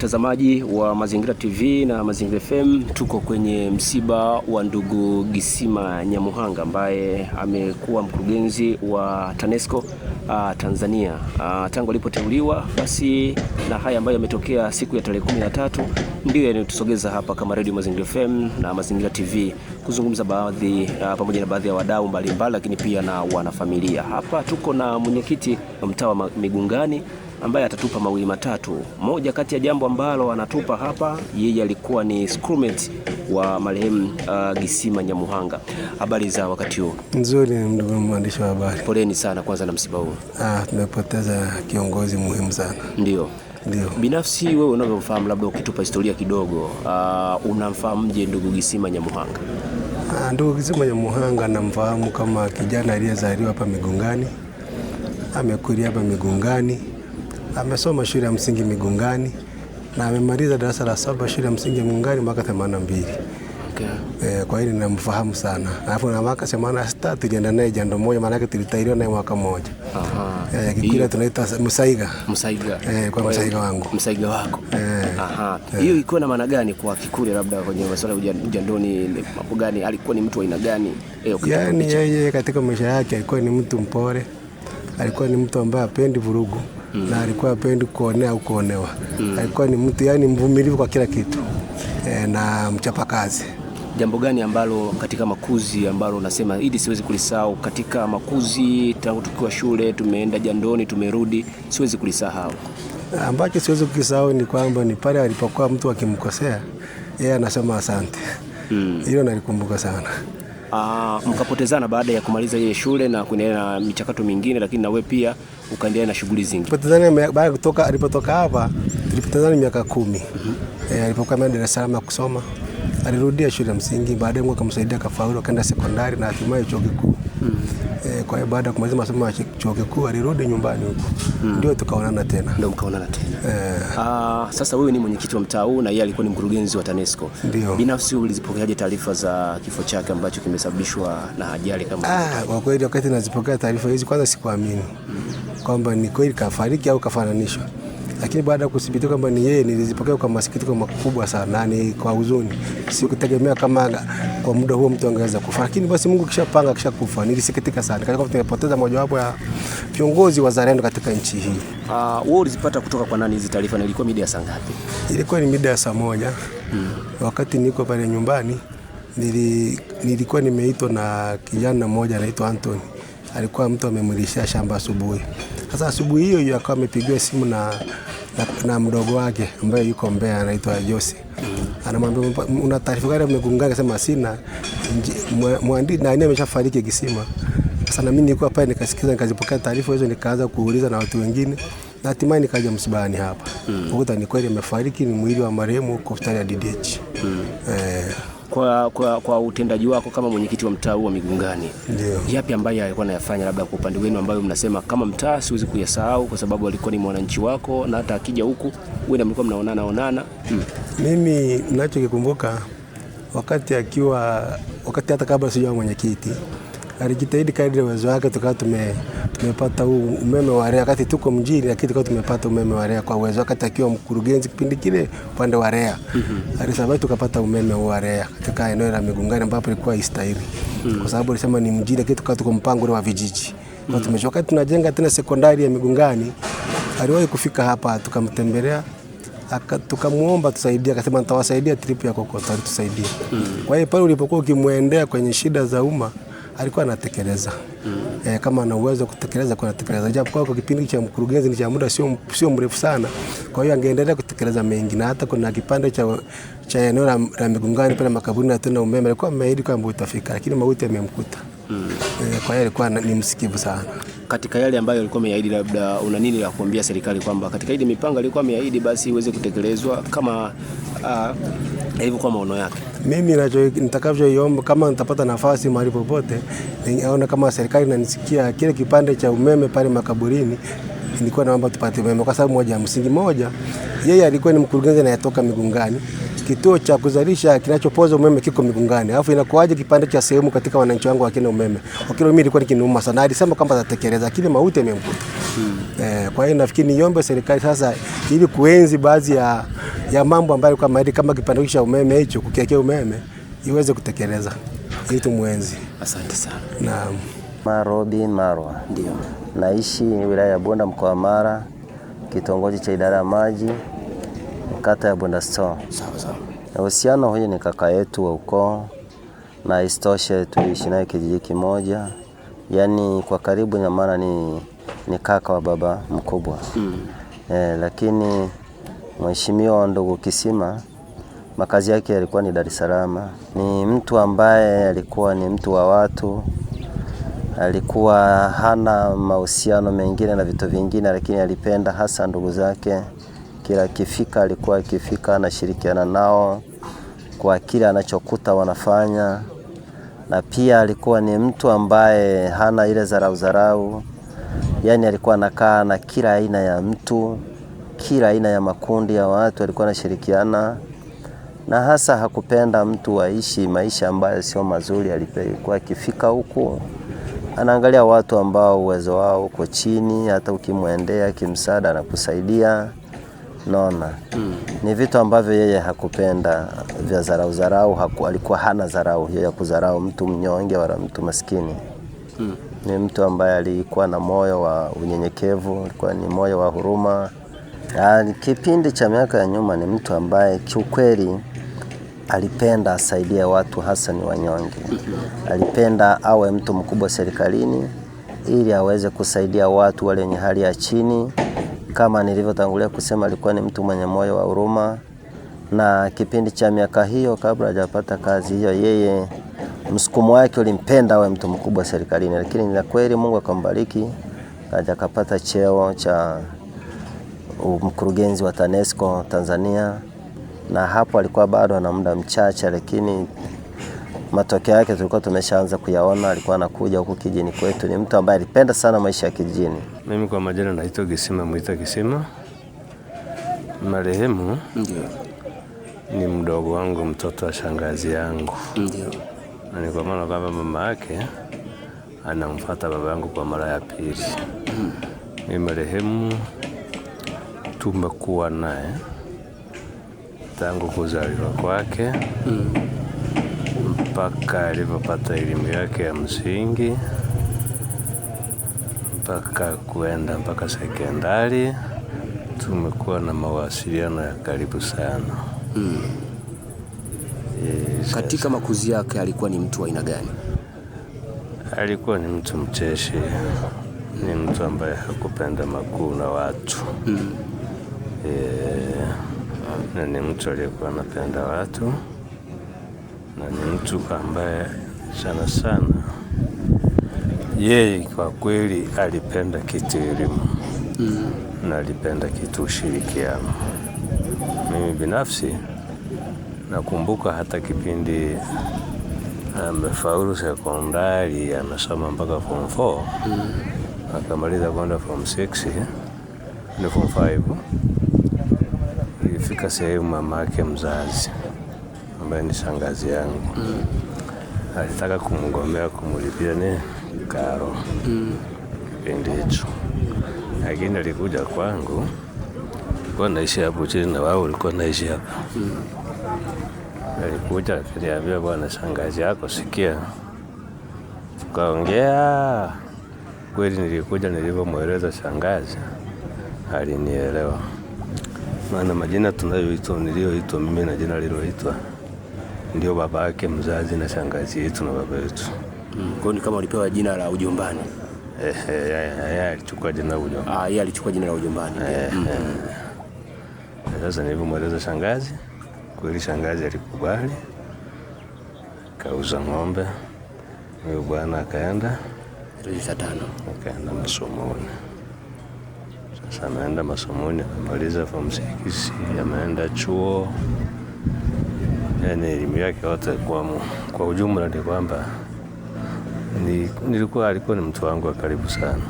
Mtazamaji wa Mazingira TV na Mazingira FM, tuko kwenye msiba wa ndugu Gissima Nyamuhanga ambaye amekuwa mkurugenzi wa TANESCO uh, Tanzania ah, tangu alipoteuliwa. Basi na haya ambayo yametokea siku ya tarehe 13 ndio yanayotusogeza hapa kama Radio Mazingira FM na Mazingira TV kuzungumza baadhi uh, pamoja na baadhi ya wadau mbalimbali, lakini pia na wanafamilia. Hapa tuko na mwenyekiti mtaa wa Migungani ambaye atatupa mawili matatu. Moja kati ya jambo ambalo anatupa hapa, yeye alikuwa ni scrumate wa marehemu uh, Gisima Nyamuhanga. Habari za wakati huo? Nzuri ndugu mwandishi wa habari. Poleni sana kwanza na msiba huu. Ah, tumepoteza kiongozi muhimu sana. Ndio. Ndio. Binafsi wewe unavyomfahamu, labda ukitupa historia kidogo, uh, unamfahamuje ndugu Gisima Nyamuhanga? Ah, ndugu Gisima Nyamuhanga namfahamu kama kijana aliyezaliwa hapa Migungani, amekulia hapa Migungani amesoma shule ya msingi Migungani na amemaliza darasa la saba shule ya msingi Migungani mwaka 82. Okay. E, kwa hiyo ninamfahamu sana. Alafu na mwaka 86 tulienda naye jando moja, maana yake tulitahiriwa naye mwaka mmoja. Aha. E, eh, Kikuria tunaita Msaiga. Msaiga. E, eh, kwa Msaiga wangu. Msaiga wako. E. Aha. Hiyo e, iko na maana gani kwa Kikuria labda kwenye masuala ya jandoni mambo gani? Alikuwa ni mtu wa aina gani? okay. yaani yeye katika maisha yake alikuwa ni mtu mpole. Alikuwa ni mtu ambaye apendi vurugu mm. na alikuwa apendi kuonea au kuonewa mm. alikuwa ni mtu yani mvumilivu kwa kila kitu e, na mchapakazi. Jambo gani ambalo katika makuzi ambalo unasema hili siwezi kulisahau katika makuzi, tangu tukiwa shule tumeenda jandoni, tumerudi, siwezi kulisahau? Ambacho siwezi kukisahau ni kwamba ni pale alipokuwa mtu akimkosea yeye anasema asante. Hmm. Hilo mm. nalikumbuka sana uh, mkapotezana baada ya kumaliza ile shule na kuendelea na michakato mingine, lakini nawe pia ukaendelea na shughuli zingine. Baada ya kutoka alipotoka hapa tulipotezana miaka kumi. mm -hmm. E, alipokuwa Dar es Salaam kusoma alirudia shule ya msingi, baadaye Mungu akamsaidia akafaulu, akaenda sekondari na hatimaye chuo kikuu. Mm. E, kwa hiyo baada ya kumaliza masomo ya chuo kikuu alirudi nyumbani huko. Mm. Ndio tukaonana tena. Ndio mkaonana tena. E. Ah, sasa wewe ni mwenyekiti wa mtaa huu na yeye alikuwa ni mkurugenzi wa TANESCO. Ndio. Binafsi ulizipokeaje taarifa za kifo chake ambacho kimesababishwa na ajali kama Ah, kwa kweli wakati nazipokea taarifa hizi kwanza sikuamini. Hmm. Kwamba ni kweli kafariki au kafananishwa lakini baada ya kuthibitika kwamba ni yeye, nilizipokea kwa masikitiko makubwa sana na kwa huzuni. Sikutegemea kama kwa muda huo mtu angeweza kufa, lakini basi Mungu kishapanga kishakufa. Nilisikitika sana kwa sababu tumepoteza mojawapo ya viongozi wa wazalendo katika nchi hii. Uh, wewe ulizipata kutoka kwa nani hizi taarifa, na ilikuwa mida ya saa ngapi? Ilikuwa ni mida ya saa moja. Hmm. Wakati niko pale nyumbani nili, nilikuwa nimeitwa na kijana mmoja anaitwa Anthony, alikuwa mtu amemlishia shamba asubuhi sasa asubuhi hiyo hiyo akawa amepigiwa simu na, na, na mdogo wake ambaye yuko Mbeya anaitwa Jose anamwambia una taarifa gani umegunga? Akasema sina, mwandi yeye ameshafariki kisima. Sasa na mimi nilikuwa pale nikasikiza, nikazipokea taarifa hizo, nikaanza kuuliza na watu wengine na hatimaye nikaja msibani hapa kukuta mm. ni kweli amefariki, ni mwili wa marehemu kwa hospitali ya DDH mm. eh kwa, kwa, kwa utendaji wako kama mwenyekiti wa mtaa huu wa Migungani, ndio yapi ambayo alikuwa anayafanya labda kwa upande wenu, ambayo mnasema kama mtaa siwezi kuyasahau kwa sababu alikuwa ni mwananchi wako na hata akija huku wewe mlikuwa mnaonana onana? hmm. Mimi ninachokikumbuka wakati akiwa wakati hata kabla sijawa mwenyekiti alijitahidi kadri uwezo wake, tukawa tume, tumepata huu umeme wa REA kati tuko mjini, lakini tukawa tumepata umeme wa REA kwa uwezo wake, akiwa mkurugenzi kipindi kile upande wa REA mm Alisababisha tukapata umeme wa REA katika eneo la Migungani ambapo ilikuwa istahili mhm. kwa sababu alisema ni mjini, lakini tukawa tuko mpango wa vijiji kwa mhm. tumesho. wakati tunajenga tena sekondari ya Migungani, aliwahi kufika hapa tukamtembelea tukamwomba tusaidie, akasema nitawasaidia trip ya kokoto, tusaidie. mm -hmm. Kwa hiyo pale ulipokuwa ukimwendea kwenye shida za umma alikuwa anatekeleza mm. E, kama ana uwezo kutekeleza kwa anatekeleza, japo kwa kipindi cha mkurugenzi ni cha muda sio sio mrefu sana, kwa hiyo angeendelea kutekeleza mengi, na hata kuna kipande cha cha eneo la, la Migungani pale na tena umeme alikuwa ameahidi kwamba utafika, lakini mauti yamemkuta mm. E, kwa hiyo alikuwa ni msikivu sana katika yale ambayo alikuwa ameahidi, labda una nini la kuambia serikali kwamba katika ile mipango alikuwa ameahidi basi iweze kutekelezwa kama uh, ah, hivyo kwa maono yake? Mimi nitakavyoiomba kama nitapata nafasi mahali popote, naona kama serikali inanisikia, kile kipande cha umeme pale makaburini nilikuwa naomba tupate umeme, kwa sababu moja ya msingi moja, yeye alikuwa ni mkurugenzi anayetoka Migungani kituo cha kuzalisha kinachopoza umeme kiko Migungani, alafu inakuaje kipande cha sehemu katika wananchi wangu wakina umeme wakilo, mimi ilikuwa nikinuma sana, alisema kwamba atatekeleza, lakini mauti yamemkuta. Hmm. Eh, kwa hiyo nafikiri niombe serikali sasa, ili kuenzi baadhi ya, ya mambo ambayo kama, kama kipande cha umeme hicho kukiekea umeme iweze kutekeleza ili tumwenzi. Asante sana. Naam. Marobin Marwa, ndio naishi wilaya ya Bonda mkoa wa Mara, kitongoji cha idara ya maji kata ya Store. Sawa sawa. Uhusiano, huyu ni kaka yetu wa ukoo na istoshe tuishi naye kijiji kimoja, yaani kwa karibu na maana ni, ni kaka wa baba mkubwa mm. E, lakini mheshimiwa ndugu Kisima makazi yake yalikuwa ni Dar es Salaam. Ni mtu ambaye alikuwa ni mtu wa watu, alikuwa hana mahusiano mengine na vitu vingine, lakini alipenda hasa ndugu zake. Kila akifika alikuwa akifika anashirikiana nao kwa kile anachokuta wanafanya, na pia alikuwa ni mtu ambaye hana ile dharau dharau, yaani alikuwa anakaa na kila aina ya mtu, kila aina ya makundi ya watu alikuwa anashirikiana, na hasa hakupenda mtu aishi maisha ambayo sio mazuri. Alikuwa akifika huku anaangalia watu ambao uwezo wao uko chini, hata ukimwendea kimsaada anakusaidia naona mm. Ni vitu ambavyo yeye hakupenda vya zarau zarau haku, alikuwa hana zarau hiyo ya kuzarau mtu mnyonge wala mtu maskini mm. Ni mtu ambaye alikuwa na moyo wa unyenyekevu, alikuwa ni moyo wa huruma. kipindi cha miaka ya nyuma ni mtu ambaye kiukweli alipenda asaidia watu hasa ni wanyonge. Alipenda awe mtu mkubwa serikalini ili aweze kusaidia watu wale wenye hali ya chini kama nilivyotangulia kusema, alikuwa ni mtu mwenye moyo wa huruma, na kipindi cha miaka hiyo kabla hajapata kazi hiyo, yeye msukumo wake ulimpenda awe mtu mkubwa serikalini, lakini ni kweli Mungu akambariki kaja kapata cheo cha mkurugenzi wa TANESCO Tanzania, na hapo alikuwa bado ana muda mchache, lakini matokeo yake tulikuwa tumeshaanza kuyaona. Alikuwa anakuja huku kijini kwetu, ni mtu ambaye alipenda sana maisha ya kijini. Mimi kwa majina naitwa Gisima Mwita Gisima. Marehemu ni mdogo wangu, mtoto wa shangazi yangu, ndio na ni kwa maana kwamba mama yake anamfuata baba yangu kwa mara ya pili. Ni marehemu tumekuwa naye tangu kuzaliwa kwake mm mpaka alivyopata elimu yake ya msingi mpaka kuenda mpaka sekondari, tumekuwa na mawasiliano ya karibu sana mm. Yes, katika makuzi yake alikuwa ni mtu wa aina gani? Alikuwa ni mtu mcheshi, ni mtu ambaye hakupenda makuu na watu mm. E, na ni mtu aliyekuwa anapenda watu na ni mtu ambaye sana sana yeye kwa kweli alipenda kitu elimu mm. na alipenda kitu ushirikiano. Mimi binafsi nakumbuka hata kipindi ah, amefaulu sekondari, amesoma mpaka form 4 mm. akamaliza kwenda form 6 ni form 5 ilifika sehemu mama mzazi ambaye ni shangazi yangu mm. alitaka kumgomea kumulipia ni karo mm. kipindi hicho, lakini alikuja kwangu, kwa naishi hapo chini na wao ulikuwa naishi hapa mm. alikuja akaniambia, bwana shangazi yako, sikia. Tukaongea kweli, nilikuja nilivyomweleza shangazi alinielewa, maana majina tunayoitwa niliyoitwa mimi na jina liloitwa ndio baba yake mzazi na shangazi yetu na baba yetu. Mm, kwa ni kama ulipewa jina la ujumbani. Eh, yeye alichukua jina la ujumbani. Ah, yeye alichukua jina la ujombani. Sasa nilivyomweleza shangazi, kweli shangazi alikubali, kauza ng'ombe, huyo bwana akaenda tano, akaenda masomoni. Sasa ameenda masomoni, amemaliza form 6, ameenda chuo yani eh, elimu yake yote kwa, kwa ujumla ni kwamba nilikuwa alikuwa ni mtu wangu wa karibu sana.